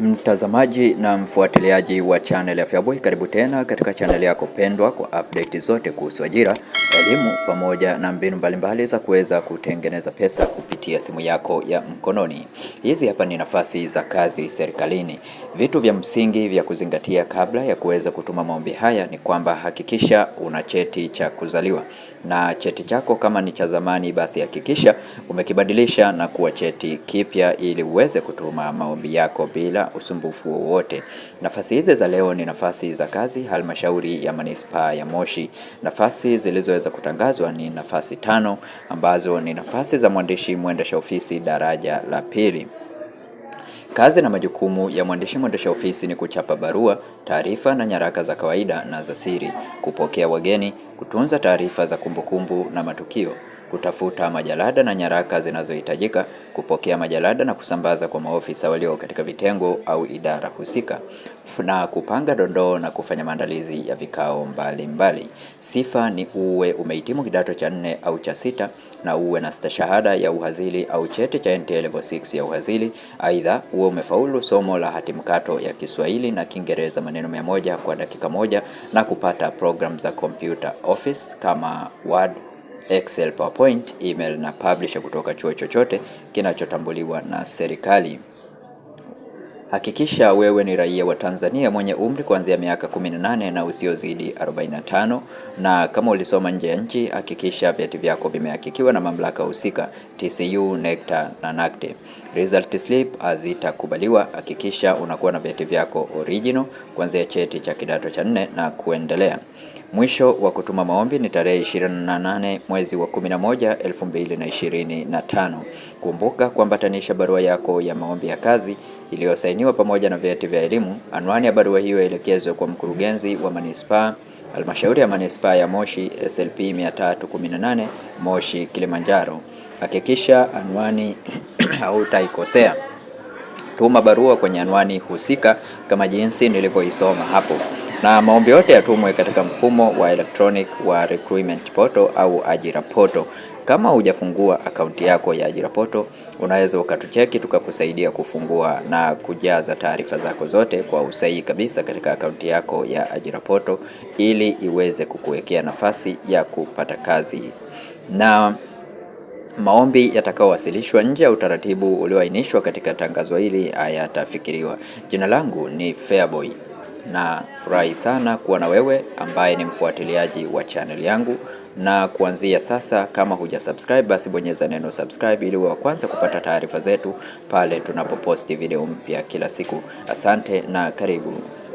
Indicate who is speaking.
Speaker 1: Mtazamaji na mfuatiliaji wa channel ya FEABOY, karibu tena katika channel yako pendwa kwa update zote kuhusu ajira, elimu pamoja na mbinu mbalimbali za kuweza kutengeneza pesa kupitia simu yako ya mkononi. Hizi hapa ni nafasi za kazi serikalini. Vitu vya msingi vya kuzingatia kabla ya kuweza kutuma maombi haya ni kwamba hakikisha una cheti cha kuzaliwa, na cheti chako kama ni cha zamani, basi hakikisha umekibadilisha na kuwa cheti kipya ili uweze kutuma maombi yako bila usumbufu wowote. Nafasi hizi za leo ni nafasi za kazi halmashauri ya manispaa ya Moshi. Nafasi zilizoweza kutangazwa ni nafasi tano ambazo ni nafasi za mwandishi mwendesha ofisi daraja la pili. Kazi na majukumu ya mwandishi mwendesha ofisi ni kuchapa barua, taarifa na nyaraka za kawaida na za siri, kupokea wageni, kutunza taarifa za kumbukumbu na matukio kutafuta majalada na nyaraka zinazohitajika, kupokea majalada na kusambaza kwa maofisa walio katika vitengo au idara husika, na kupanga dondoo na kufanya maandalizi ya vikao mbalimbali mbali. Sifa ni uwe umehitimu kidato cha nne au cha sita na uwe na stashahada ya uhazili au cheti cha NTA Level 6 ya uhazili. Aidha, uwe umefaulu somo la hati mkato ya Kiswahili na Kiingereza maneno mia moja kwa dakika moja na kupata program za computer Office kama Word Excel, PowerPoint, email na publisher kutoka chuo chochote kinachotambuliwa na serikali. Hakikisha wewe ni raia wa Tanzania mwenye umri kuanzia miaka 18 na usiozidi 45, na kama ulisoma nje ya nchi, hakikisha vyeti vyako vimehakikiwa na mamlaka husika TCU, NECTA na NACTE. Result slip hazitakubaliwa. Hakikisha unakuwa na vyeti vyako original kuanzia cheti cha kidato cha nne na kuendelea. Mwisho wa kutuma maombi ni tarehe 28 mwezi wa 11 2025. Kumbuka kuambatanisha barua yako ya maombi ya kazi iliyosainiwa pamoja na vyeti vya elimu. Anwani ya barua hiyo elekezwe kwa mkurugenzi wa manispaa halmashauri ya manispaa ya Moshi SLP 318 Moshi Kilimanjaro. Hakikisha anwani hautaikosea. Tuma barua kwenye anwani husika kama jinsi nilivyoisoma hapo na maombi yote yatumwe katika mfumo wa electronic wa recruitment poto au ajira poto. Kama hujafungua akaunti yako ya ajira poto, unaweza ukatucheki tukakusaidia kufungua na kujaza taarifa zako zote kwa usahihi kabisa katika akaunti yako ya ajira poto, ili iweze kukuwekea nafasi ya kupata kazi na maombi yatakayowasilishwa nje ya utaratibu ulioainishwa katika tangazo hili hayatafikiriwa. Jina langu ni Fairboy na furahi sana kuwa na wewe ambaye ni mfuatiliaji wa channel yangu, na kuanzia sasa, kama huja subscribe, basi bonyeza neno subscribe ili uwe wa kwanza kupata taarifa zetu pale tunapoposti video mpya kila siku. Asante na karibu.